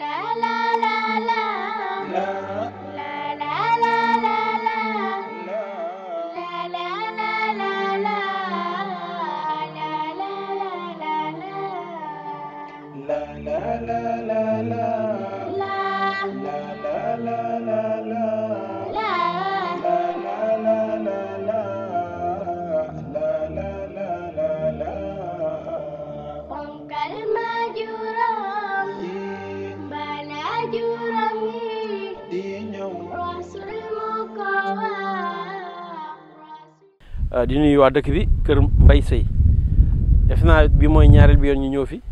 la la la la Euh, di nuyu waa dëkk bi kër mbay Seye def naa bi mooy ñaareel bi ñu ñëw fi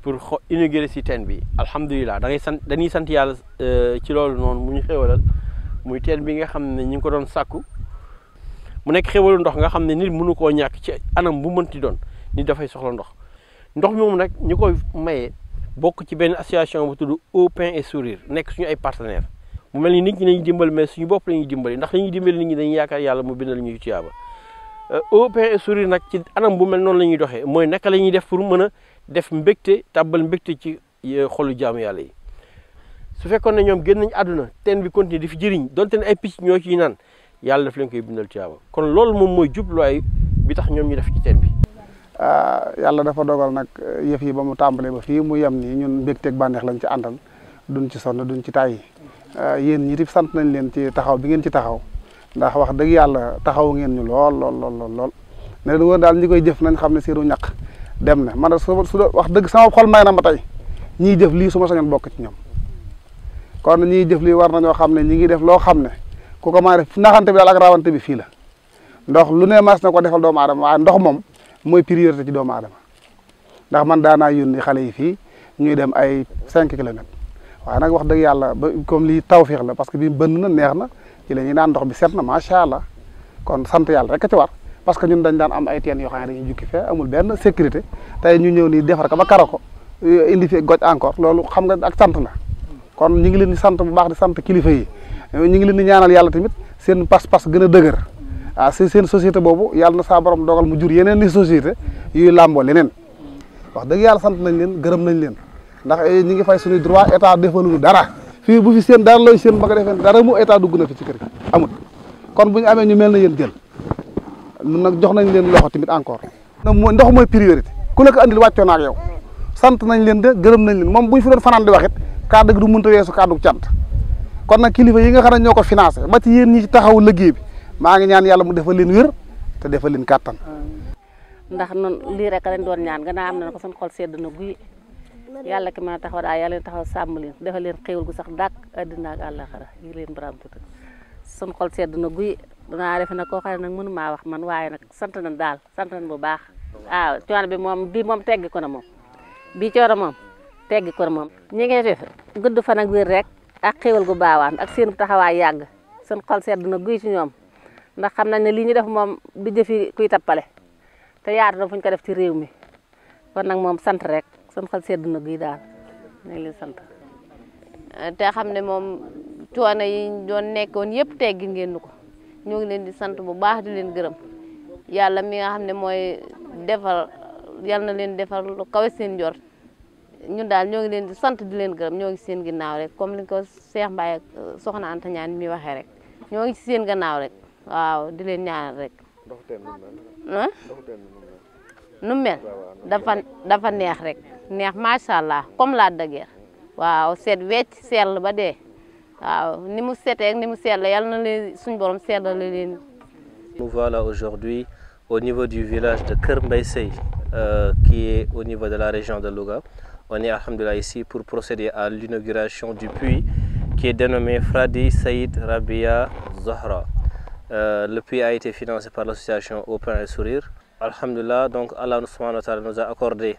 pour xo inaugurer si teen bi alhamdulilah da ngay sant dañuy sant yàlla euh, ci loolu noonu mu ñu xéwalal muy teen bi nga xam ne ñu ngi ko doon sàkku mu nekk xéwalu ndox nga xam ne nit munu koo ñàkk ci anam bu mënti doon nit dafay soxla ndox ndox moomu nag ñu koy maye bokk ci benn association bu tudd Eau Pain et Sourire nekk suñu ay partenaires mu mel ni nit ñi lañuy dimbali mais suñu bopp la ñuy dimbali ndax li ñuy dimbali nit ñi dañuy européen et sourire nag ci anam bu mel noonu la ñuy doxee mooy naka la ñuy def pour mën a def mbégte tàbbal mbégte ci euh, xolu jaamu yàlla yi su fekkoon ne ñoom génn nañ àdduna teen bi continuer di fi jëriñ donte ne ay picc ñoo ciy naan yàlla daf leen koy bindal tiyaaba kon loolu moom mooy jubluwaay bi tax ñoom ñu def ci teen bi. Ah, yàlla dafa dogal nag euh, yëf yi ba mu tàmbalee ba fii mu yem nii ñun mbégteeg bànneex lañ ci àndan duñ ci sonn duñ ci tàyyi euh, yéen ñi di sant nañ leen ci taxaw bi ngeen ci taxaw. ndax wax dëgg yàlla taxaw ngeen ñu lool lool lool lool ne leen wóor daal ñi koy jëf nañ xam ne seenu ñaq dem na man su su wax dëgg sama xol may na ma tey ñiy jëf lii su ma sañoon bokk ci ñoom kon ñiy jëf lii war na ñoo xam ne ñi ngi def loo xam ne ku ko maa def naxante bi daal ak rawante bi fii la ndox lu ne mas na ko defal doomu aadama waaye ndox moom mooy priorité ci doomu aadama ndax man daanaa yónni xale yi fii ñuy dem ay cinq kilomètres waaye nag wax dëgg yàlla ba comme lii tawféex la parce que bii bënn na neex na ci la ñuy naan ndox bi set na macha allah kon sant yàlla rek a ci war parce que ñun dañ daan am ay teen yoo xam ne dañuy jukki fee amul benn sécurité tey ñu ñëw nii defar ko ba karo ko euh, indi fi goj encore loolu xam nga ak sant na kon ñu ngi leen di sant bu baax di sant kilifa yi ñu ngi leen di ñaanal yàlla tamit seen pas-pas gën a dëgër ah seen société boobu yàlla na saa borom dogal mu jur yeneen ni société làmboo leneen wax dëgg yàlla sant nañ leen gërëm nañ leen ndax eh, ñi ngi fay suñu droit état lu dara fi bu fi seen dara lay seen bëgg defee dara mu état duguna fi ci kër amul amut kon buñu amé ñu melni yeen jël nun nak jox nañ leen loxo timit encore na ndox moy priorité ku la ko andil waccio nak yow sant nañ leen de gëreem nañ leen mom bu fi doon fanan di waxit deug du wésu ka kaddu ciant kon nak kilifa yi nga xana ñoko financer ba ci yeen ñi ci taxaw liggéey bi ma ngi ñaan yalla mu defal leen wër te defal leen katan ndax non li rek lañ doon ñaan gën am na ko sun xol sedd na guy yàlla ki mën a taxaw daal yàlla leen taxaw sàmm leen defa leen xéwal gu sax dàkk àddina ak àllaaxira yi leen baram tudd sun xol sedd na guy danaa defe na koo xam ne nag mënu maa wax man waaye nag sant nañ daal sant nañ bu baax waaw coono bi moom bii moom tegg na moom bi coono moom tegg ko na moom ñi ngi def gudd rek ak xéwal gu baawaan ak seen taxawaay yàgg sun xol sedd na guy ci ñoom ndax xam nañ ne lii ñu def moom du jëfi kuy tappale te yaatu na fu ko def ci réew mi kon moom sant rek sun xel sedd na guy daal ñu ngi sant. te xam ne moom coono yi ñu doon nekkoon yëpp teggi ngeen ko ñoo ngi leen di sant bu baax di leen gërëm yàlla mi nga xam ne mooy defar yàlla na leen defar lu kawe seen njort ñun daal ñoo ngi leen di sant di leen gërëm ñoo ngi seen ginnaaw rek comme li ko Cheikh Mbaye ak Soxna Anta Ñaan mi waxee rek ñoo ngi ci seen gannaaw rek waaw di leen ñaanal rek. ah. Nous sommes dafa dafa neex rek neex macha comme la guerre waaw seet wecc sell ba dee waaw ni Nous sommes ni mu sell na leen suñ Nous voilà aujourd'hui au niveau du village de Kermbaïsei, euh, qui est au niveau de la région de Louga. On est Alhamdulillah ici pour procéder à l'inauguration du puits qui est dénommé Fradi Saïd Rabia Zahra. Euh, le puits a été financé par l'association Open et Sourire. Alhamdulillah, donc Allah nous a accordé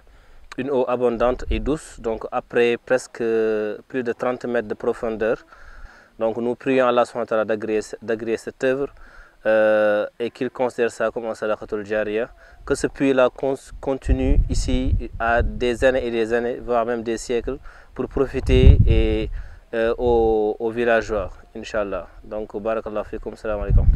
une eau abondante et douce, donc après presque euh, plus de 30 mètres de profondeur. Donc nous prions Allah d'agréer cette œuvre euh, et qu'il considère ça comme un sadaqatul jariya. Que ce puits-là continue ici à des années et des années, voire même des siècles, pour profiter et, euh, aux, villageois, Inch'Allah. Donc, barakallah fikum, salam alaikum.